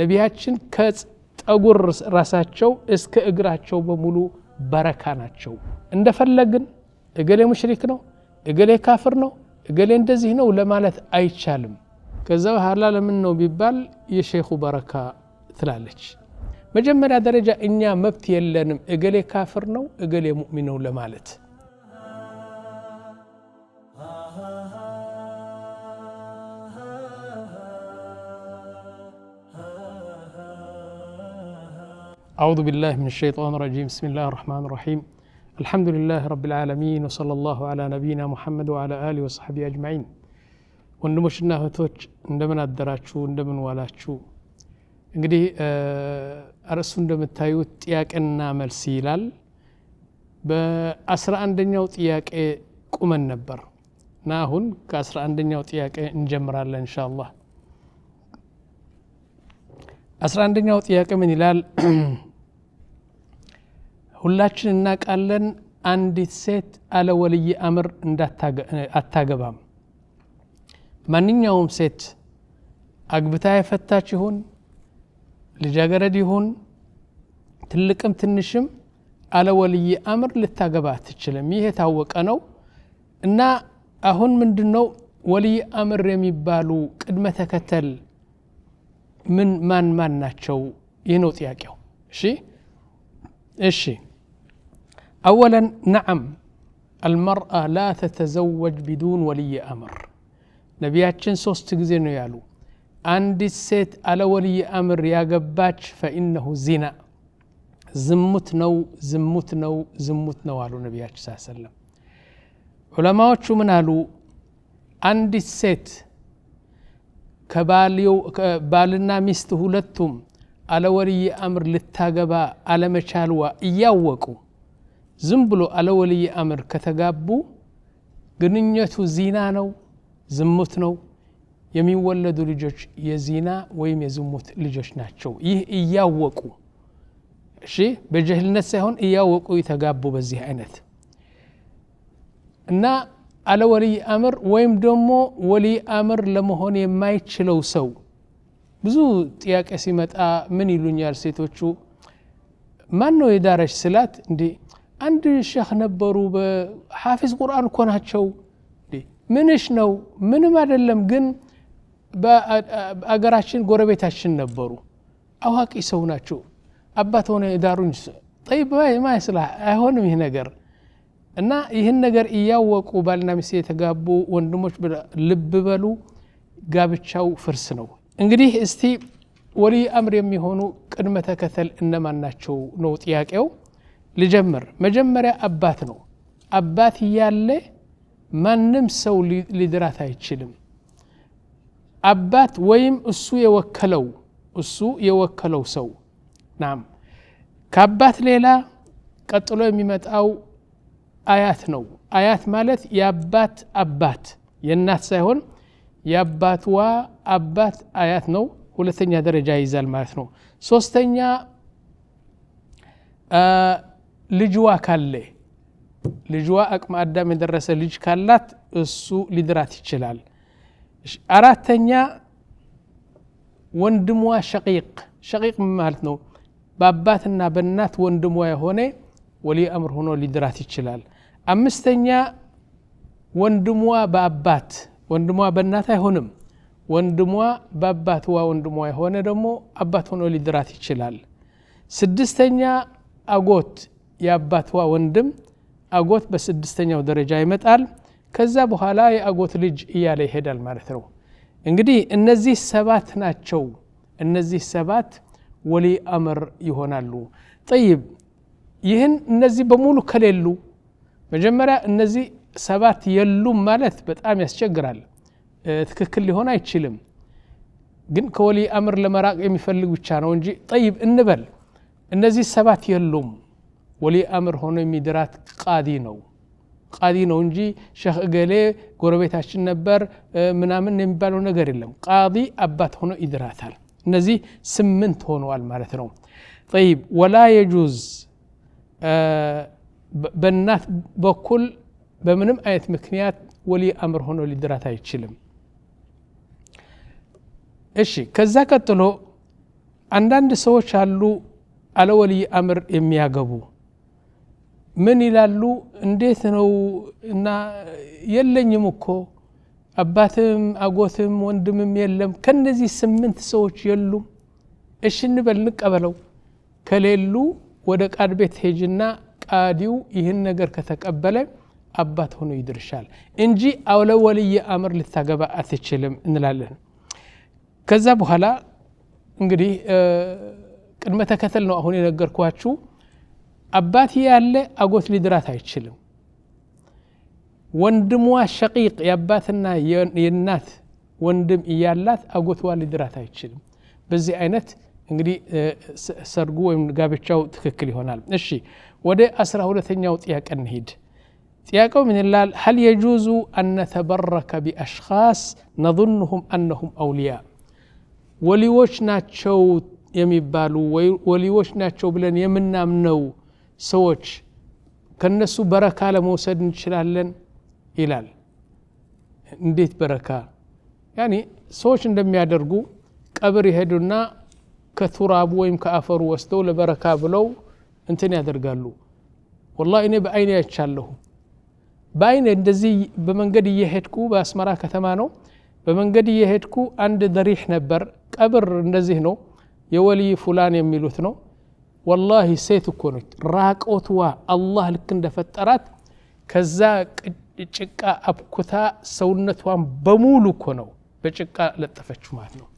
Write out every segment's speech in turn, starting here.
ነቢያችን ከጠጉር ራሳቸው እስከ እግራቸው በሙሉ በረካ ናቸው። እንደፈለግን እገሌ ሙሽሪክ ነው፣ እገሌ ካፍር ነው፣ እገሌ እንደዚህ ነው ለማለት አይቻልም። ከዛ በኋላ ለምን ነው ቢባል የሼኹ በረካ ትላለች። መጀመሪያ ደረጃ እኛ መብት የለንም እገሌ ካፍር ነው፣ እገሌ ሙእሚን ነው ለማለት أعوذ بالله من الشيطان الرجيم بسم الله الرحمن الرحيم الحمد لله رب العالمين وصلى الله على نبينا محمد وعلى آله وصحبه أجمعين ወንድሞችና እህቶች እንደምን አደራችሁ እንደምን ዋላችሁ እንግዲህ አርሱ እንደምታዩት ጥያቄና መልስ ይላል በአስራ አንደኛው ጥያቄ ቁመን ነበር እና አሁን ከአስራ አንደኛው ጥያቄ እንጀምራለን እንሻ አስራ አንደኛው ጥያቄ ምን ይላል? ሁላችን እናውቃለን አንዲት ሴት አለ ወልይ አምር አታገባም። ማንኛውም ሴት አግብታ የፈታች ይሁን ልጃገረድ ይሁን ትልቅም ትንሽም አለ ወልይ አምር ልታገባ አትችልም። ይህ የታወቀ ነው እና አሁን ምንድን ነው ወልይ አምር የሚባሉ ቅድመ ተከተል ምን ማን ማን ናቸው ይህ ነው ጥያቄው እሺ እሺ اولا نعم المرأة لا تتزوج بدون ولي أمر ነቢያችን ሶስት ጊዜ ነው ያሉ አንዲት ሴት አለ ወልይ አምር ያገባች ፈኢነሁ ዚና ዝሙት ነው ዝሙት ነው ዝሙት ነው አሉ ነቢያችን ስ ሰለም ዑለማዎቹ ምን አሉ አንዲት ሴት ከባልና ሚስት ሁለቱም አለወልይ አምር ልታገባ አለመቻልዋ እያወቁ ዝም ብሎ አለወልይ አምር ከተጋቡ ግንኙነቱ ዚና ነው፣ ዝሙት ነው። የሚወለዱ ልጆች የዚና ወይም የዝሙት ልጆች ናቸው። ይህ እያወቁ እሺ፣ በጀህልነት ሳይሆን እያወቁ የተጋቡ በዚህ አይነት እና አለ ወልይ አምር ወይም ደሞ ወልይ አምር ለመሆን የማይችለው ሰው ብዙ ጥያቄ ሲመጣ ምን ይሉኛል ሴቶቹ ማን ነው የዳረሽ ስላት እንዲ አንድ ሸህ ነበሩ በሓፊዝ ቁርአን እኮ ናቸው ምንሽ ነው ምንም አይደለም ግን በአገራችን ጎረቤታችን ነበሩ አዋቂ ሰው ናቸው አባት ሆነ የዳሩኝ ጠይብ ማይስላህ አይሆንም ይህ ነገር እና ይህን ነገር እያወቁ ባልና ሚስት የተጋቡ ወንድሞች ልብ በሉ፣ ጋብቻው ፍርስ ነው። እንግዲህ እስቲ ወልይ አምር የሚሆኑ ቅድመ ተከተል እነማን ናቸው ነው ጥያቄው። ልጀምር። መጀመሪያ አባት ነው። አባት እያለ ማንም ሰው ሊድራት አይችልም። አባት ወይም እሱ የወከለው እሱ የወከለው ሰው ናም። ከአባት ሌላ ቀጥሎ የሚመጣው አያት ነው። አያት ማለት የአባት አባት የእናት ሳይሆን የአባትዋ አባት አያት ነው። ሁለተኛ ደረጃ ይይዛል ማለት ነው። ሶስተኛ ልጅዋ ካለ ልጅዋ አቅመ አዳም የደረሰ ልጅ ካላት እሱ ሊድራት ይችላል። አራተኛ ወንድሟ ሸቂቅ ሸቂቅ ማለት ነው። በአባትና በእናት ወንድሟ የሆነ ወሊ አምር ሆኖ ሊድራት ይችላል። አምስተኛ ወንድሟ በአባት ወንድሟ በእናት አይሆንም። ወንድሟ በአባትዋ ወንድሟ የሆነ ደግሞ አባት ሆኖ ሊድራት ይችላል። ስድስተኛ አጎት የአባትዋ ወንድም አጎት በስድስተኛው ደረጃ ይመጣል። ከዛ በኋላ የአጎት ልጅ እያለ ይሄዳል ማለት ነው። እንግዲህ እነዚህ ሰባት ናቸው። እነዚህ ሰባት ወሊ አምር ይሆናሉ። ጠይብ ይህን እነዚህ በሙሉ ከሌሉ መጀመሪያ እነዚህ ሰባት የሉም ማለት በጣም ያስቸግራል፣ ትክክል ሊሆን አይችልም። ግን ከወሊ አምር ለመራቅ የሚፈልግ ብቻ ነው እንጂ ጠይብ እንበል እነዚህ ሰባት የሉም። ወሊ አምር ሆኖ የሚድራት ቃዲ ነው ቃዲ ነው እንጂ ሸህ እገሌ ጎረቤታችን ነበር ምናምን የሚባለው ነገር የለም። ቃዲ አባት ሆኖ ይድራታል። እነዚህ ስምንት ሆነዋል ማለት ነው። ጠይብ ወላ የጁዝ በእናት በኩል በምንም አይነት ምክንያት ወሊ አምር ሆኖ ሊድራት አይችልም። እሺ ከዛ ቀጥሎ አንዳንድ ሰዎች አሉ አለ ወልይ አምር የሚያገቡ ምን ይላሉ? እንዴት ነው እና የለኝም እኮ አባትም አጎትም ወንድምም የለም። ከነዚህ ስምንት ሰዎች የሉም። እሺ እንበል እንቀበለው። ከሌሉ ወደ ቃድ ቤት ሄጅና ቃዲው ይህን ነገር ከተቀበለ አባት ሆኖ ይድርሻል እንጂ አውለ ወልየ አምር ልታገባ አትችልም እንላለን። ከዛ በኋላ እንግዲህ ቅድመ ተከተል ነው አሁን የነገርኳችሁ። አባት ያለ አጎት ሊድራት አይችልም። ወንድሟ ሸቂቅ የአባትና የእናት ወንድም እያላት አጎትዋ ሊድራት አይችልም። በዚህ አይነት እንግዲህ ሰርጉ ወይም ጋብቻው ትክክል ይሆናል። እሺ ወደ አስራ ሁለተኛው ጥያቄ እንሂድ። ጥያቄው ምን ይላል? ሀል የጁዙ አነተበረከ ቢአሽኻስ ነظንሁም አነሁም አውልያ ወሊዎች ናቸው የሚባሉ ወሊዎች ናቸው ብለን የምናምነው ሰዎች ከነሱ በረካ ለመውሰድ እንችላለን ይላል። እንዴት በረካ? ያኒ ሰዎች እንደሚያደርጉ ቀብር ይሄዱና ከቱራቡ ወይም ከአፈሩ ወስደው ለበረካ ብለው እንትን ያደርጋሉ። ወላሂ እኔ በአይን አይቻለሁ። በአይን እንደዚህ በመንገድ እየሄድኩ በአስመራ ከተማ ነው። በመንገድ እየሄድኩ አንድ ደሪሕ ነበር። ቀብር እንደዚህ ነው፣ የወልይ ፉላን የሚሉት ነው። ወላሂ ሴት እኮ ነች። ራቆትዋ አላህ ልክ እንደፈጠራት ከዛ ጭቃ አብኩታ ሰውነቷን በሙሉ እኮ ነው በጭቃ ለጠፈች ማለት ነው።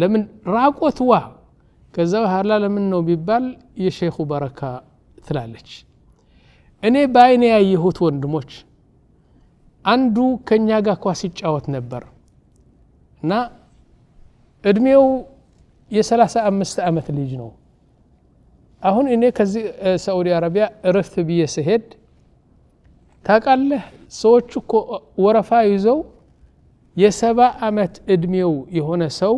ለምን ራቆትዋ ከዛ ሀላ ለምን ነው ቢባል የሼኹ በረካ ትላለች። እኔ በአይኔ ያየሁት ወንድሞች አንዱ ከእኛ ጋር ኳስ ይጫወት ነበር እና እድሜው የሰላሳ አምስት ዓመት ልጅ ነው። አሁን እኔ ከዚህ ሳዑዲ አረቢያ እረፍት ብዬ ስሄድ ታውቃለህ፣ ሰዎች እኮ ወረፋ ይዘው የሰባ ዓመት እድሜው የሆነ ሰው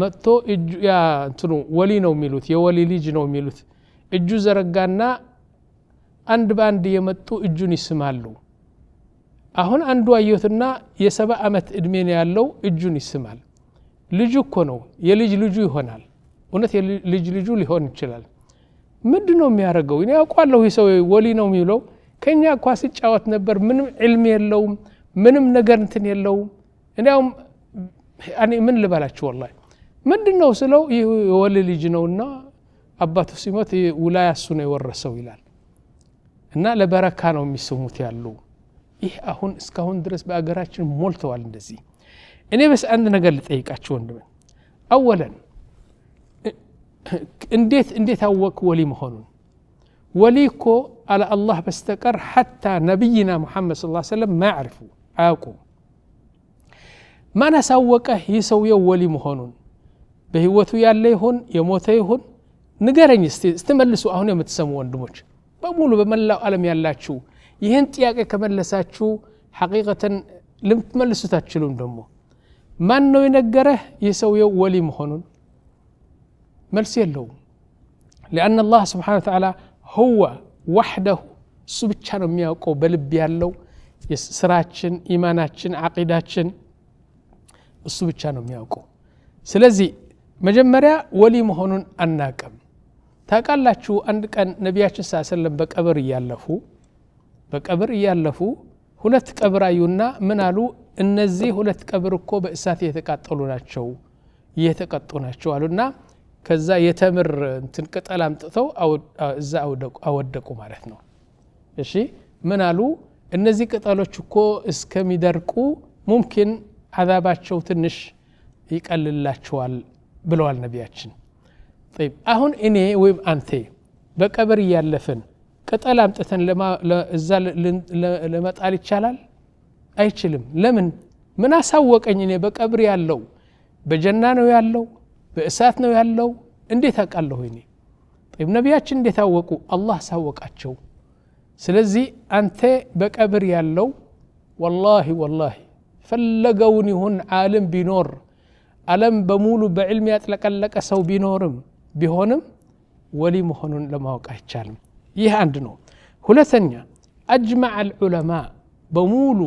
መጥቶ እንትኑ ወሊ ነው የሚሉት የወሊ ልጅ ነው የሚሉት እጁ ዘረጋና አንድ በአንድ የመጡ እጁን ይስማሉ። አሁን አንዱ አየሁትና የሰባ ዓመት ዕድሜ ነው ያለው እጁን ይስማል። ልጁ እኮ ነው የልጅ ልጁ ይሆናል። እውነት የልጅ ልጁ ሊሆን ይችላል። ምንድን ነው የሚያደርገው? እኔ ያውቋለሁ ሰው ወሊ ነው የሚለው ከእኛ እኳ ሲጫወት ነበር። ምንም ዕልም የለውም፣ ምንም ነገር እንትን የለውም። እንዲያውም ምን ልበላችሁ ወላሂ ምንድን ነው ስለው ይህ የወል ልጅ ነውና አባቱ ሲሞት ውላያ እሱ ነው የወረሰው ይላል እና ለበረካ ነው የሚስሙት ያሉ ይህ አሁን እስካሁን ድረስ በአገራችን ሞልተዋል እንደዚህ እኔ በስ አንድ ነገር ልጠይቃችሁ ወንድምን አወለን እንዴት እንዴት አወቅ ወሊ መሆኑን ወሊ እኮ አለ አላህ በስተቀር ሐታ ነቢይና ሙሐመድ ስለ ሰለም ማያዕርፉ አያውቁም ማን አሳወቀህ ይህ ሰውየው ወሊ መሆኑን በህይወቱ ያለ ይሆን የሞተ ይሆን ንገረኝ ስትመልሱ አሁን የምትሰሙ ወንድሞች በሙሉ በመላው ዓለም ያላችሁ ይህን ጥያቄ ከመለሳችሁ ሐቂቀተን ልምትመልሱት አትችሉም ደግሞ ማን ነው የነገረህ የሰውየው ወሊ መሆኑን መልስ የለውም لأن الله سبحانه وتعالى هو وحده እሱ ብቻ ነው የሚያውቀው በልብ ያለው ስራችን ኢማናችን አቂዳችን እሱ ብቻ ነው የሚያውቀው ስለዚህ መጀመሪያ ወሊ መሆኑን አናቅም። ታውቃላችሁ፣ አንድ ቀን ነቢያችን ሳሰለም በቀብር እያለፉ በቀብር እያለፉ ሁለት ቀብር አዩና ምን አሉ? እነዚህ ሁለት ቀብር እኮ በእሳት እየተቃጠሉ ናቸው እየተቀጡ ናቸው አሉና ከዛ የተምር እንትን ቅጠል አምጥተው እዛ አወደቁ ማለት ነው። እሺ ምን አሉ? እነዚህ ቅጠሎች እኮ እስከሚደርቁ ሙምኪን አዛባቸው ትንሽ ይቀልላቸዋል ብለዋል ነቢያችን። አሁን እኔ ወይም አንቴ በቀብር እያለፍን ቅጠል አምጥተን እዛ ለመጣል ይቻላል? አይችልም። ለምን? ምን አሳወቀኝ? እኔ በቀብር ያለው በጀና ነው ያለው በእሳት ነው ያለው እንዴት አውቃለሁ? እኔ ነቢያችን እንዴት አወቁ? አላህ አሳወቃቸው። ስለዚህ አንተ በቀብር ያለው ወላሂ ወላሂ ፈለገውን ይሁን ዓለም ቢኖር ዓለም በሙሉ በዕልም ያጥለቀለቀ ሰው ቢኖርም ቢሆንም ወሊ መሆኑን ለማወቅ አይቻልም። ይህ አንድ ነው። ሁለተኛ አጅማዕ አልዑለማ በሙሉ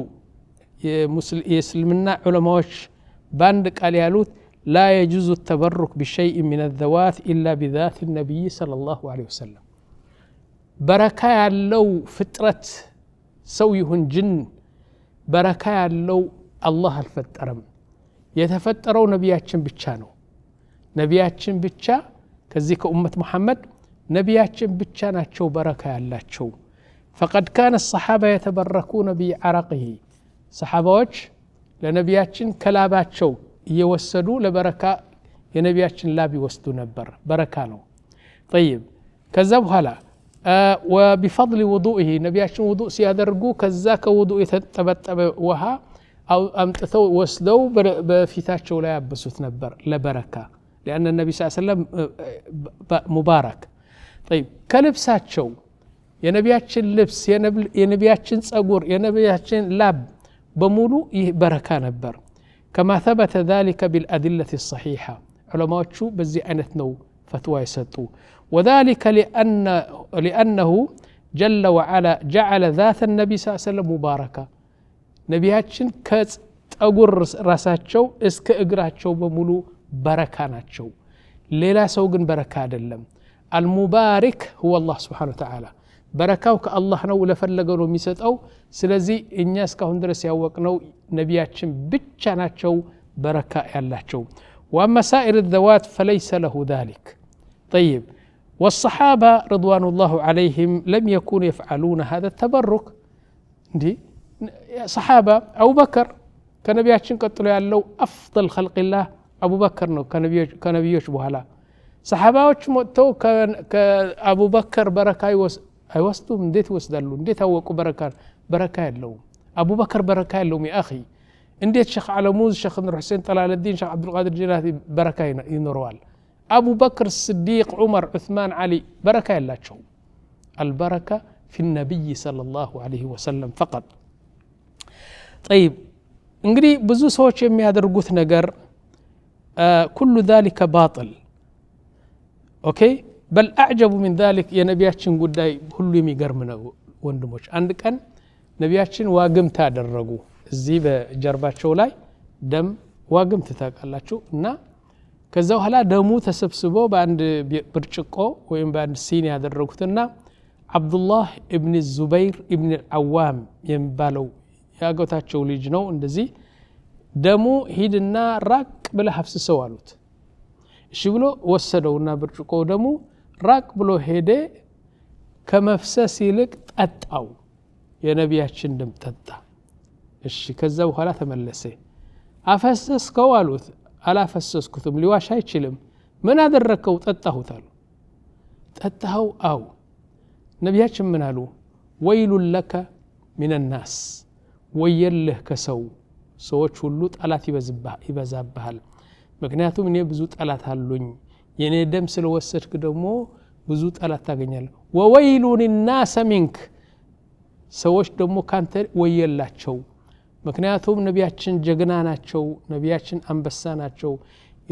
የእስልምና ዑለማዎች በአንድ ቃል ያሉት ላ የጁዙ ተበሩክ ብሸይ ምን ዘዋት ኢላ ብዛት ነቢይ ሰለላሁ ዐለይሂ ወሰለም በረካ ያለው ፍጥረት ሰው ይሁን ጅን በረካ ያለው አላህ አልፈጠረም። የተፈጠረው ነቢያችን ብቻ ነው። ነቢያችን ብቻ ከዚህ ከኡመት ሙሐመድ ነቢያችን ብቻ ናቸው በረካ ያላቸው። ፈቀድ ካነ ሰሓባ የተበረኩነ ቢዓረቅሂ ሰሓባዎች ለነቢያችን ከላባቸው እየወሰዱ ለበረካ የነቢያችን ላብ ይወስዱ ነበር። በረካ ነው። ጠይብ ከዛ በኋላ ወቢፈضሊ ውዱእሂ ነቢያችን ውዱእ ሲያደርጉ ከዛ ከውዱእ የተጠበጠበ ውሃ أو أمتثوا وسدوا بفي ثاتش ولا يبسوت نبر لبركة لأن النبي صلى الله عليه وسلم أه، مبارك طيب كلب ساتشو يا نبي أتشن لبس يا نبي يا نبي أتشن صقور يا نبي أتشن لاب بمولو بركة نبر كما ثبت ذلك بالأدلة الصحيحة علماء شو بزي أنثنو فتوى يسطو وذلك لأن لأنه جل وعلا جعل ذات النبي صلى الله عليه وسلم مباركه ነቢያችን ከፀጉር ራሳቸው እስከ እግራቸው በሙሉ በረካ ናቸው ሌላ ሰው ግን በረካ አይደለም አልሙባሪክ ሁወ አላህ ስብሓን ተዓላ በረካው ከአላህ ነው ለፈለገው ነው የሚሰጠው ስለዚህ እኛ እስካሁን ድረስ ያወቅነው ነቢያችን ብቻ ናቸው በረካ ያላቸው واما سائر الذوات فليس له ذلك طيب والصحابه رضوان الله عليهم لم يكونوا يفعلون هذا التبرك دي صحابة أبو بكر كان بياشين قتلوا يالو أفضل خلق الله أبو بكر نو كان بيش كان بيش بهلا صحابة تو كان أبو بكر بركة يوس أيوستو من ديت وسدلو من ديت هوكو بركة بركة يالو أبو بكر بركة يالو مي أخي إن ديت شيخ على موز شيخ نور حسين طلال الدين شيخ عبد القادر جيلاتي بركة ينوروال أبو بكر الصديق عمر عثمان علي بركة يالاتشو البركة في النبي صلى الله عليه وسلم فقط ጠይብ እንግዲህ ብዙ ሰዎች የሚያደርጉት ነገር ኩሉ ዛሊከ ባጥል ኦኬ በል አዕጀቡ ሚን ዛሊክ የነቢያችን ጉዳይ ሁሉ የሚገርም ነው ወንድሞች አንድ ቀን ነቢያችን ዋግምት አደረጉ እዚህ በጀርባቸው ላይ ደም ዋግምት ታውቃላችሁ እና ከዛ በኋላ ደሙ ተሰብስቦ በአንድ ብርጭቆ ወይም በአንድ ሲኒ ያደረጉትና አብዱላህ እብን ዙበይር እብን አዋም የሚባለው ያጎታቸው ልጅ ነው እንደዚህ ደሙ ሂድና ራቅ ብለ አፍስሰው አሉት። እሺ ብሎ ወሰደውና ብርጭቆ ደሙ ራቅ ብሎ ሄደ። ከመፍሰስ ይልቅ ጠጣው። የነቢያችን ደም ጠጣ። እሺ ከዛ በኋላ ተመለሰ። አፈሰስከው አሉት። አላፈሰስኩትም፣ ሊዋሽ አይችልም። ምን አደረግከው? ጠጣሁት አሉ። ጠጣኸው? አው ነቢያችን ምን አሉ? ወይሉን ለከ ሚነናስ ወየልህ ከሰው ሰዎች ሁሉ ጠላት ይበዛብሃል። ምክንያቱም እኔ ብዙ ጠላት አሉኝ። የእኔ ደም ስለወሰድክ ደግሞ ብዙ ጠላት ታገኛለህ። ወወይሉን ናሰ ሚንክ ሰዎች ደግሞ ካንተ ወየላቸው። ምክንያቱም ነቢያችን ጀግና ናቸው፣ ነቢያችን አንበሳ ናቸው።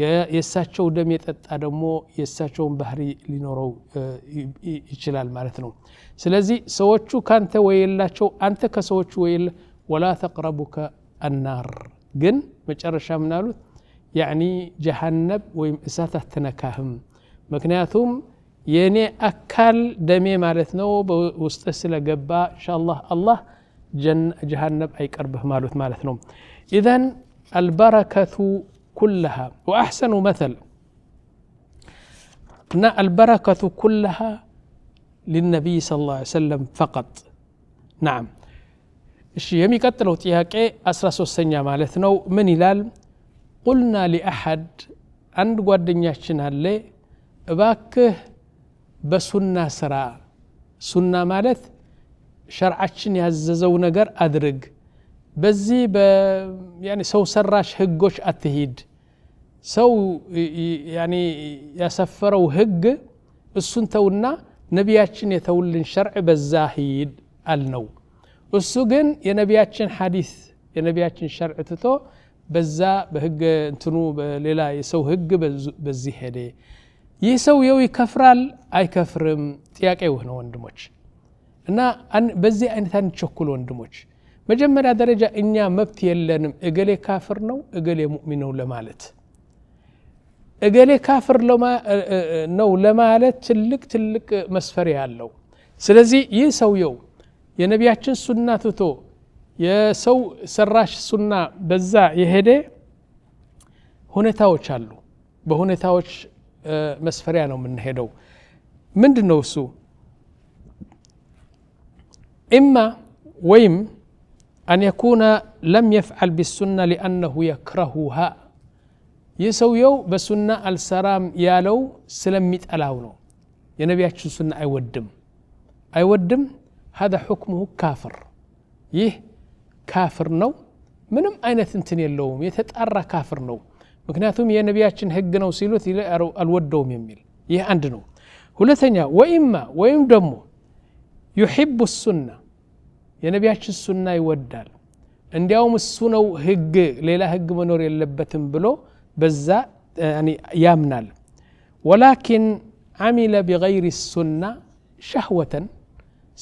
የእሳቸው ደም የጠጣ ደግሞ የእሳቸውን ባህሪ ሊኖረው ይችላል ማለት ነው። ስለዚህ ሰዎቹ ካንተ ወየላቸው፣ አንተ ከሰዎቹ ወየላ ولا تقربك النار جن مجرشا منالو يعني جهنم ويم تنكهم تنكاهم مكنياتهم يعني اكل دمي مالتنو بوستسل قبا ان شاء الله الله جن جهنم اي قربه مالت مالتنو اذا البركة كلها واحسن مثل ان البركة كلها للنبي صلى الله عليه وسلم فقط نعم እሺ የሚቀጥለው ጥያቄ 13ኛ ማለት ነው። ምን ይላል? ቁልና ሊአሐድ አንድ ጓደኛችን አለ እባክህ በሱና ስራ። ሱና ማለት ሸርዓችን ያዘዘው ነገር አድርግ፣ በዚህ ሰው ሰራሽ ህጎች አትሂድ። ሰው ያሰፈረው ህግ እሱን ተውና ነቢያችን የተውልን ሸርዕ በዛ ሂድ አልነው። እሱ ግን የነቢያችን ሐዲስ የነቢያችን ሸርዕ ትቶ በዛ በህገ እንትኑ በሌላ የሰው ህግ በዚህ ሄደ። ይህ ሰውየው ይከፍራል አይከፍርም? ጥያቄው ነው ወንድሞች። እና በዚህ አይነት አንቸኩል ወንድሞች። መጀመሪያ ደረጃ እኛ መብት የለንም እገሌ ካፍር ነው እገሌ ሙእሚን ነው ለማለት እገሌ ካፍር ነው ለማለት ትልቅ ትልቅ መስፈሪያ አለው። ስለዚህ ይህ ሰውየው የነቢያችን ሱና ትቶ የሰው ሰራሽ ሱና በዛ የሄደ ሁኔታዎች አሉ። በሁኔታዎች መስፈሪያ ነው የምንሄደው። ምንድን ነው እሱ? ኢማ ወይም አን የኩነ ለም የፍዓል ቢሱና ሊአነሁ የክረሁሃ ይህ ሰውየው በሱና አልሰራም ያለው ስለሚጠላው ነው። የነቢያችን ሱና አይወድም አይወድም هذا حكمه كافر يه كافر نو منم أينت انتن يلوم يتتأرى كافر نو مكناثم يا نبياتشن هقنا وسيلوث إلى الودوم يميل يه عندنو هلثنيا وإما وإم دمو يحب السنة يا نبياتش السنة يودال عند يوم السنة هق ليلة هق منور يلبتن بلو بزا يعني يامنال ولكن عمل بغير السنة شهوةً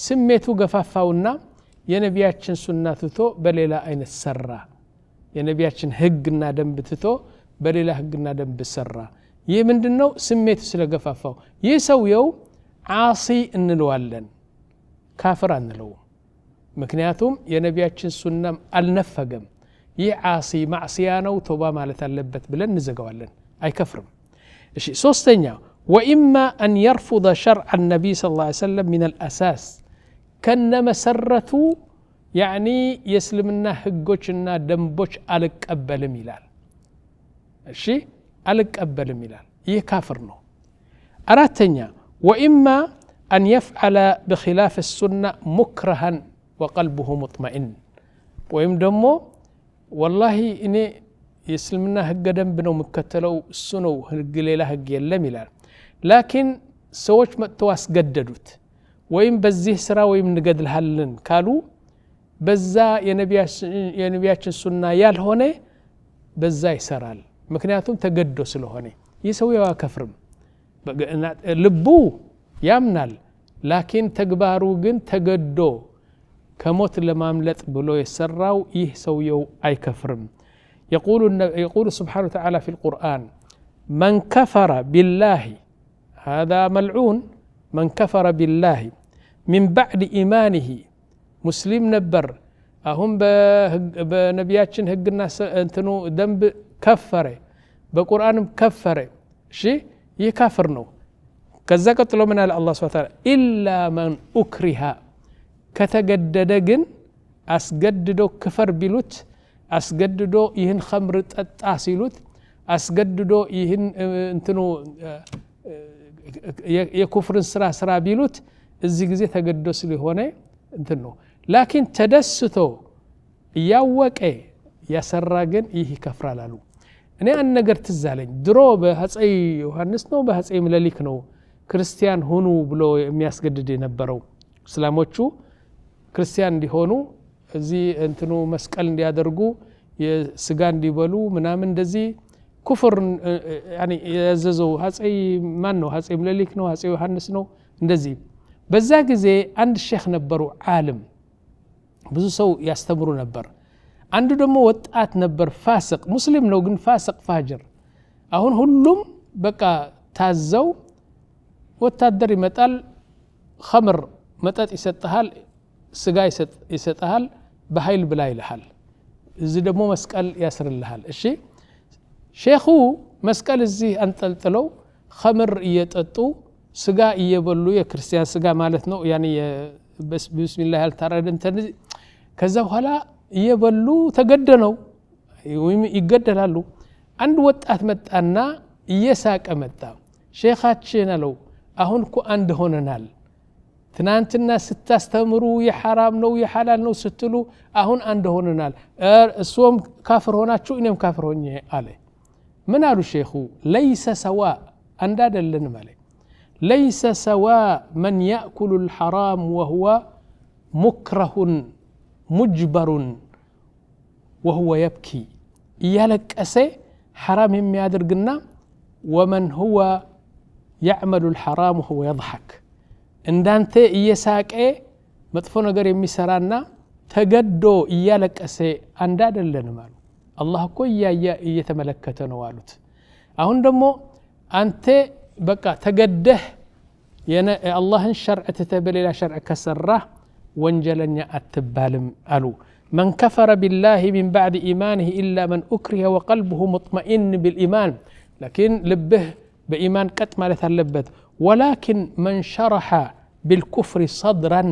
ስሜቱ ገፋፋውና የነቢያችን ሱና ትቶ በሌላ አይነት ሰራ። የነቢያችን ህግና ደንብ ትቶ በሌላ ህግና ደንብ ሰራ። ይህ ምንድን ነው? ስሜቱ ስለገፋፋው። ይህ ሰውየው ዓሲ እንለዋለን፣ ካፍር አንለውም። ምክንያቱም የነቢያችን ሱናም አልነፈገም። ይህ ዓሲ ማዕስያ ነው፣ ቶባ ማለት አለበት ብለን እንዘጋዋለን። አይከፍርም። እሺ ሶስተኛ ወኢማ አን የርፉደ ሸርዓ ነቢይ ስ ሰለም ሚን አልአሳስ كن مسرته يعني يسلم يسلمنا هجوشنا دمبوش ألك أبل ميلال الشي ألك أبل ميلال إيه كافرنا أراتنيا وإما أن يفعل بخلاف السنة مكرها وقلبه مطمئن ويم دمو والله إني يسلمنا هجا دمبنا مكتلو السنو هجليلا هجي لكن سوش ما تواس قددوت ወይም በዚህ ስራ ወይም እንገድልሃለን ካሉ በዛ የነቢያችን ሱና ያልሆነ በዛ ይሰራል። ምክንያቱም ተገዶ ስለሆነ ይህ ሰውየው አያከፍርም። ልቡ ያምናል፣ ላኪን ተግባሩ ግን ተገዶ ከሞት ለማምለጥ ብሎ የሰራው ይህ ሰውየው አይከፍርም። የቁሉ ስብሓነ ወተዓላ ፊ ልቁርአን መን ከፈረ ቢላሂ ሃዛ መልዑን من كفر بالله من بعد إيمانه مسلم نبر أهم بنبياتشن هقنا انتنو دنب كفر بقرآن كفر شي يكافر نو كذا من الله سبحانه وتعالى إلا من أكره ከተገደደ ግን አስገድዶ ክፈር ቢሉት አስገድዶ ይህን ከምር ጠጣ ሲሉት አስገድዶ የኩፍርን ስራ ስራ ቢሉት እዚህ ጊዜ ተገዶ ስለሆነ እንትን ነው። ላኪን ተደስቶ እያወቀ ያሰራ ግን ይህ ይከፍራል አሉ። እኔ አንድ ነገር ትዝ አለኝ። ድሮ በአፄ ዮሐንስ ነው በአፄ ምኒልክ ነው ክርስቲያን ሁኑ ብሎ የሚያስገድድ የነበረው እስላሞቹ ክርስቲያን እንዲሆኑ እዚህ እንትኑ መስቀል እንዲያደርጉ የስጋ እንዲበሉ ምናምን እንደዚህ كفر يعني يززو هاسي مانو هاسي مليك نو هاسي يوحنس نو اندزي بزاك زي عند الشيخ نبرو عالم بزو سو يستمرو نبر عند دمو وطات نبر فاسق مسلم نو جن فاسق فاجر اهون هلوم بكا تازو وتادر متال خمر متات يسطحال سغا يسط يسطحال بهايل بلا يلحال زي دمو مسكال ياسر لحال اشي ሼኹ መስቀል እዚህ አንጠልጥለው ከምር እየጠጡ ስጋ እየበሉ የክርስቲያን ስጋ ማለት ነው። ብስሚላ ያልታረደ ከዛ በኋላ እየበሉ ተገደነው ወይም ይገደላሉ። አንድ ወጣት መጣና እየሳቀ መጣ። ሼኻችን አለው አሁን እኮ አንድ ሆነናል። ትናንትና ስታስተምሩ የሐራም ነው የሐላል ነው ስትሉ አሁን አንድ ሆነናል። እሱም ካፍር ሆናችሁ እኔም ካፍር ሆኜ አለ። من قالوا الشيخ ليس سواء أنداد لنا ليس سواء من يأكل الحرام وهو مكره مجبر وهو يبكي يلك أسي حرام هم يادرقنا ومن هو يعمل الحرام وهو يضحك إن دانتي إيساك إيه مطفونا قريم مسرانا تقدو إيالك أسي أنداد لنا مالو አላህ እኮ እያያ እየተመለከተ ነው አሉት አሁን ደግሞ አንተ በቃ ተገደህ አላህን ሸርዕ ትተህ በሌላ ሸርዕ ከሰራህ ወንጀለኛ አትባልም አሉ من كفر بالله من بعد إيمانه إلا من أكره وقلبه مطمئن بالإيمان لكن لبه بإيمان قد ما لتلبت ولكن من شرح بالكفر صدرا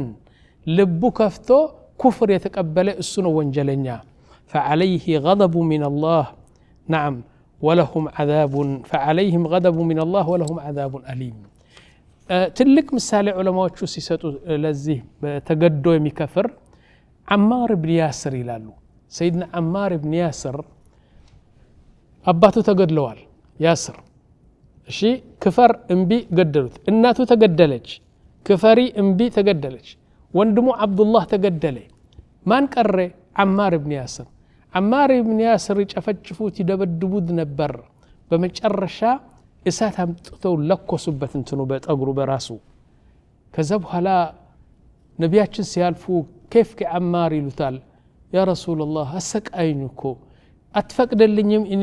لبكفته كفر يتقبل السنة وانجلنيا فعليه غضب من الله نعم ولهم عذاب فعليهم غضب من الله ولهم عذاب أليم تلك مسالة علماء تشوسيسات لزيه تقدو كفر عمار بن ياسر يلالو سيدنا عمار بن ياسر أباتو تقدلوال ياسر شي كفر انبي قدلوت الناتو تقدلج كفري انبي تقدلج واندمو عبد الله تقدلي ما كره عمار بن ياسر አማር ብን ያስር ይጨፈጭፉት ይደበድቡት ነበር በመጨረሻ እሳት አምጥተው ለኮሱበት እንትኑ በጠጉሩ በራሱ ከዛ በኋላ ነቢያችን ሲያልፉ ኬፍ ከአማር ይሉታል ያ ረሱላላህ አሰቃይኝ እኮ አትፈቅድልኝም እኔ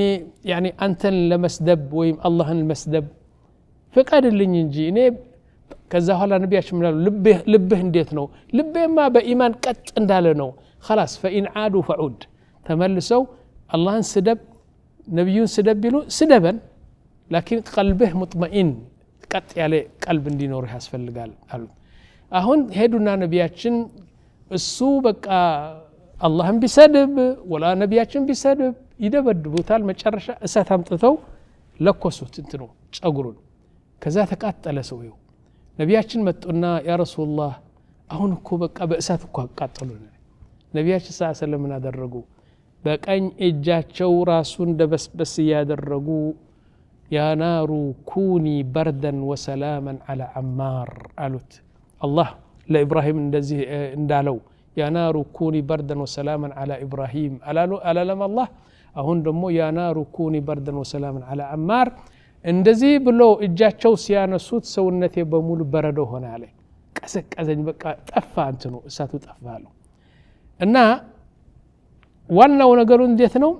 ያኒ አንተን ለመስደብ ወይም አላህን ለመስደብ ፍቀድልኝ እንጂ እኔ ከዛ ኋላ ነቢያችን ምናሉ ልብህ እንዴት ነው ልቤማ በኢማን ቀጥ እንዳለ ነው خلاص فإن عادوا فعود ተመልሰው አላህን ስደብ ነቢዩን ስደብ ቢሉ ስደበን ላኪን ቀልብህ ሙጥመኢን ቀጥ ያለ ቀልብ እንዲኖርህ ያስፈልጋል አሉ አሁን ሄዱና ነቢያችን እሱ በቃ አላህን ቢሰድብ ወላ ነቢያችን ቢሰድብ ይደበድቡታል መጨረሻ እሳት አምጥተው ለኮሱት እንትኑ ጸጉሩን ከዛ ተቃጠለ ሰውየው ነቢያችን መጡና ያ ረሱላህ አሁን እኮ በቃ በእሳት እኮ አቃጠሉ ነቢያችን ስ ሰለም ምን አደረጉ በቀኝ እጃቸው ራሱን ደበስበስ እያደረጉ ያናሩ ኩኒ በርደን ወሰላመን አላ አማር አሉት አላህ ለኢብራሂም እንደዚህ እንዳለው ያናሩ ኩኒ በርደን ወሰላመን አላ ኢብራሂም አላለም አላህ አሁን ደግሞ ያናሩ ኩኒ በርደን ወሰላመን አላ አማር እንደዚህ ብሎ እጃቸው ሲያነሱት ሰውነቴ በሙሉ በረዶ ሆነ አለ ቀዘቀዘኝ በቃ ጠፋ እንትኑ እሳቱ ጠፋ አለው እና ዋናው ነገሩ እንዴት ነው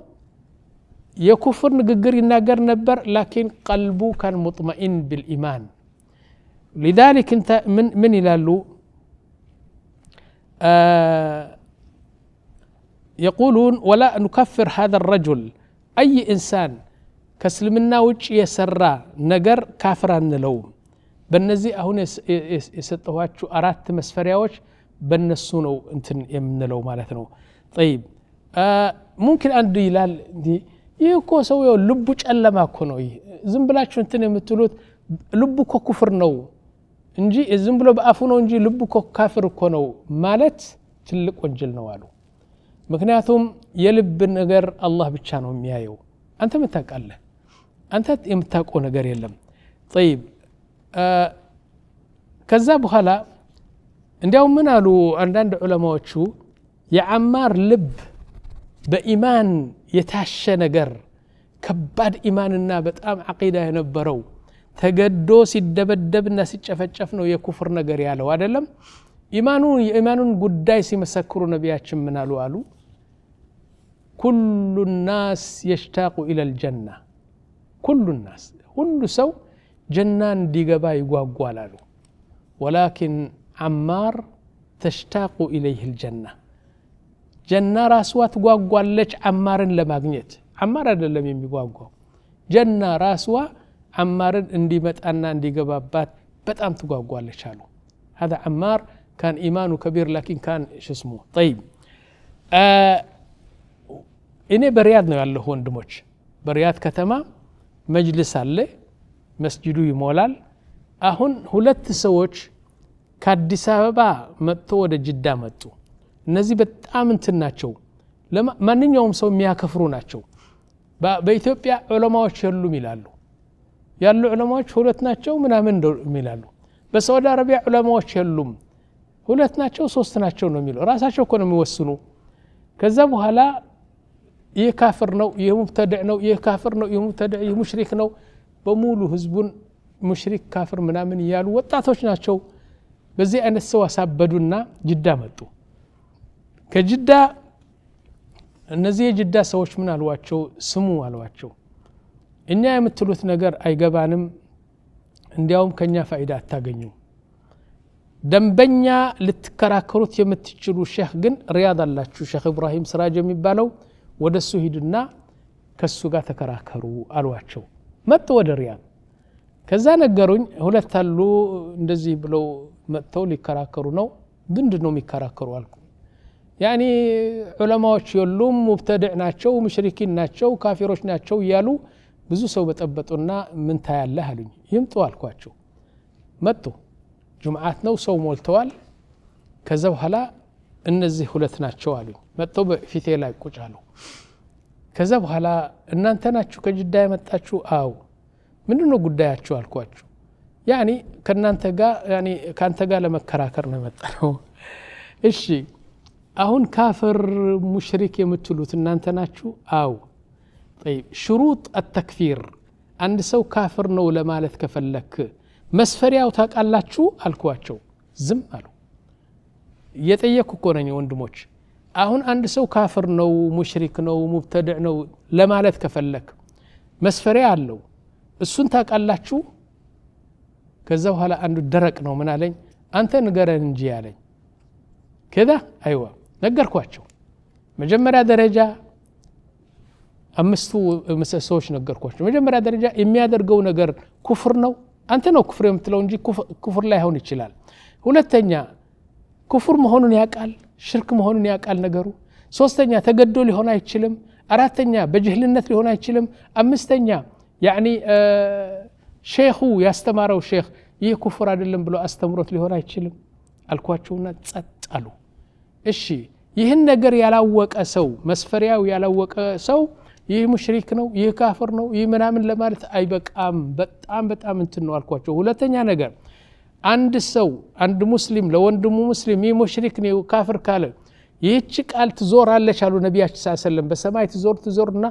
የኩፍር ንግግር ይናገር ነበር ላኪን ቀልቡ ካን ሙጥመኢን ብልኢማን لذلك انت من من يلالو آه يقولون ولا نكفر هذا الرجل اي انسان كسلمنا وجه يسرى نجر كافر انلوم በእነዚህ አሁን የሰጠኋችሁ አራት መስፈሪያዎች በእነሱ ነው እንትን የምንለው ማለት ነው ጠይብ ሙምኪን አንዱ ይላል እንዲህ ይህ እኮ ሰው ልቡ ጨለማ እኮ ነው። ይህ ዝም ብላችሁ እንትን የምትሉት ልቡ እኮ ኩፍር ነው እንጂ ዝም ብሎ በአፉ ነው እንጂ ልቡ እኮ ካፍር እኮ ነው ማለት ትልቅ ወንጀል ነው አሉ። ምክንያቱም የልብ ነገር አላህ ብቻ ነው የሚያየው። አንተ የምታውቃለህ፣ አንተ የምታውቀው ነገር የለም። ጠይብ ከዛ በኋላ እንዲያውም ምን አሉ አንዳንድ ዑለማዎቹ የአማር ልብ በኢማን የታሸ ነገር ከባድ ኢማንና በጣም አቂዳ የነበረው ተገዶ ሲደበደብና ሲጨፈጨፍ ነው የኩፍር ነገር ያለው አይደለም። የኢማኑን ጉዳይ ሲመሰክሩ ነቢያችን ምን አሉ አሉ ኩሉ ናስ የሽታቁ ኢለል ጀና፣ ኩሉ ናስ ሁሉ ሰው ጀና እንዲገባ ይጓጓል አሉ። ወላኪን አማር ተሽታቁ ኢለይህ ልጀና ጀና ራስዋ ትጓጓለች አማርን ለማግኘት። አማር አይደለም የሚጓጓው፣ ጀና ራስዋ አማርን እንዲመጣና እንዲገባባት በጣም ትጓጓለች አሉ። ሀዛ አማር ካን ኢማኑ ከቢር ላኪን ካን ሽስሙ ጠይብ። እኔ በሪያድ ነው ያለሁ ወንድሞች፣ በሪያድ ከተማ መጅልስ አለ፣ መስጅዱ ይሞላል። አሁን ሁለት ሰዎች ከአዲስ አበባ መጥቶ ወደ ጅዳ መጡ። እነዚህ በጣም እንትን ናቸው። ማንኛውም ሰው የሚያከፍሩ ናቸው። በኢትዮጵያ ዑለማዎች የሉም ይላሉ። ያሉ ዑለማዎች ሁለት ናቸው ምናምን ይላሉ። በሳዑዲ አረቢያ ዑለማዎች የሉም ሁለት ናቸው ሶስት ናቸው ነው የሚለው። ራሳቸው እኮ ነው የሚወስኑ። ከዛ በኋላ ይህ ካፍር ነው፣ ይህ ሙብተድዕ ነው፣ ይህ ካፍር ነው፣ ይህ ሙብተድዕ፣ ይህ ሙሽሪክ ነው። በሙሉ ህዝቡን ሙሽሪክ፣ ካፍር ምናምን እያሉ ወጣቶች ናቸው። በዚህ አይነት ሰው አሳበዱና ጅዳ መጡ። ከጅዳ እነዚህ የጅዳ ሰዎች ምን አልዋቸው ስሙ አሏቸው፣ እኛ የምትሉት ነገር አይገባንም፣ እንዲያውም ከእኛ ፋይዳ አታገኙም። ደንበኛ ልትከራከሩት የምትችሉ ሼህ ግን ሪያድ አላችሁ፣ ሼህ ኢብራሂም ስራጅ የሚባለው ወደ እሱ ሂድና ከሱ ጋር ተከራከሩ አሏቸው። መጡ ወደ ሪያድ። ከዛ ነገሩኝ፣ ሁለት አሉ እንደዚህ ብለው መጥተው ሊከራከሩ ነው። ምንድን ነው የሚከራከሩ አልኩ። ያኒ ዑለማዎች የሉም፣ ሙብተድዕ ናቸው፣ ሙሽሪኪን ናቸው፣ ካፊሮች ናቸው እያሉ ብዙ ሰው በጠበጡና ምን ታያለህ አሉኝ። ይምጡ አልኳቸው። መጡ። ጁምዓት ነው፣ ሰው ሞልተዋል። ከዛ በኋላ እነዚህ ሁለት ናቸው አሉኝ። መጥተው በፊቴ ላይ ቁጭ አሉ። ከዛ በኋላ እናንተ ናችሁ ከጅዳ የመጣችሁ? አው ምንድን ነው ጉዳያችሁ አልኳቸው። ያኒ ከእናንተ ጋር ከአንተ ጋር ለመከራከር ነው የመጣ ነው። እሺ አሁን ካፍር ሙሽሪክ የምትሉት እናንተ ናችሁ? አው ጠይብ። ሽሩጥ አተክፊር አንድ ሰው ካፍር ነው ለማለት ከፈለክ መስፈሪያው ታውቃላችሁ አልኳቸው። ዝም አሉ። የጠየቅኩ እኮ ነኝ ወንድሞች። አሁን አንድ ሰው ካፍር ነው፣ ሙሽሪክ ነው፣ ሙብተድዕ ነው ለማለት ከፈለክ መስፈሪያ አለው። እሱን ታውቃላችሁ? ከዛ በኋላ አንዱ ደረቅ ነው ምን አለኝ፣ አንተ ንገረን እንጂ አለኝ። ከዛ አይዋ ነገርኳቸው። መጀመሪያ ደረጃ አምስቱ ምሰሶዎች ነገርኳቸው። መጀመሪያ ደረጃ የሚያደርገው ነገር ኩፍር ነው። አንተ ነው ኩፍር የምትለው እንጂ ኩፍር ላይሆን ይችላል። ሁለተኛ ኩፍር መሆኑን ያውቃል፣ ሽርክ መሆኑን ያውቃል ነገሩ። ሶስተኛ ተገዶ ሊሆን አይችልም። አራተኛ በጅህልነት ሊሆን አይችልም። አምስተኛ ያኒ ሼኹ ያስተማረው ሼክ ይህ ኩፍር አይደለም ብሎ አስተምሮት ሊሆን አይችልም አልኳቸውና ጸጥ አሉ። እሺ ይህን ነገር ያላወቀ ሰው መስፈሪያው ያላወቀ ሰው ይህ ሙሽሪክ ነው፣ ይህ ካፍር ነው፣ ይህ ምናምን ለማለት አይበቃም። በጣም በጣም እንትን ነው አልኳቸው። ሁለተኛ ነገር አንድ ሰው አንድ ሙስሊም ለወንድሙ ሙስሊም ይህ ሙሽሪክ ነው ካፍር ካለ ይህች ቃል ትዞራለች አሉ ነቢያችን ስ ሰለም በሰማይ ትዞር ትዞርና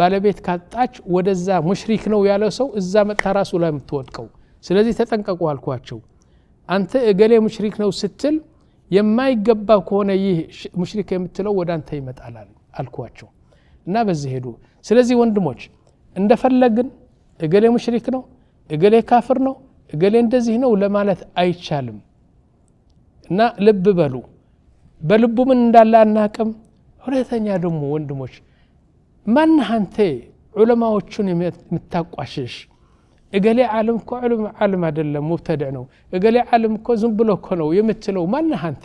ባለቤት ካጣች ወደዛ ሙሽሪክ ነው ያለው ሰው እዛ መጥታ ራሱ ላይ የምትወድቀው። ስለዚህ ተጠንቀቁ አልኳቸው። አንተ እገሌ ሙሽሪክ ነው ስትል የማይገባ ከሆነ ይህ ሙሽሪክ የምትለው ወደ አንተ ይመጣል አልኳቸው እና በዚህ ሄዱ። ስለዚህ ወንድሞች እንደፈለግን እገሌ ሙሽሪክ ነው፣ እገሌ ካፍር ነው፣ እገሌ እንደዚህ ነው ለማለት አይቻልም እና ልብ በሉ። በልቡ ምን እንዳለ አናቅም። ሁለተኛ ደግሞ ወንድሞች ማናህ አንተ ዑለማዎቹን የምታቋሽሽ እገሌ ዓለም እኮ ዓለም አይደለም ሙብተድዕ ነው፣ እገሌ ዓለም እኮ ዝም ብሎ እኮ ነው የምትለው ማነህ አንተ?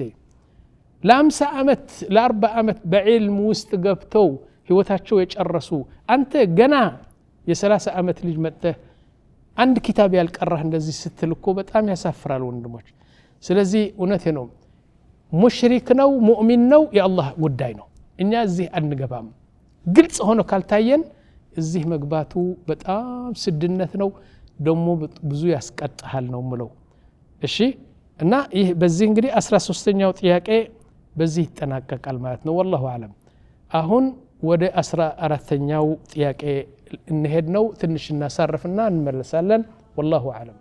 ለአምሳ ዓመት ለአርባ ዓመት በዕልም ውስጥ ገብተው ህይወታቸው የጨረሱ አንተ ገና የሰላሳ ዓመት ልጅ መጥተህ አንድ ኪታብ ያልቀራህ እንደዚህ ስትል እኮ በጣም ያሳፍራል ወንድሞች። ስለዚህ እውነቴ ነው፣ ሙሽሪክ ነው ሙእሚን ነው የአላህ ጉዳይ ነው። እኛ እዚህ አንገባም። ግልጽ ሆኖ ካልታየን እዚህ መግባቱ በጣም ስድነት ነው። ደሞ ብዙ ያስቀጥሃል ነው ምለው። እሺ እና ይህ በዚህ እንግዲህ አስራ ሶስተኛው ጥያቄ በዚህ ይጠናቀቃል ማለት ነው። ወላሁ አለም። አሁን ወደ አስራ አራተኛው ጥያቄ እንሄድ ነው። ትንሽ እናሳርፍና እንመለሳለን። ወላሁ አለም።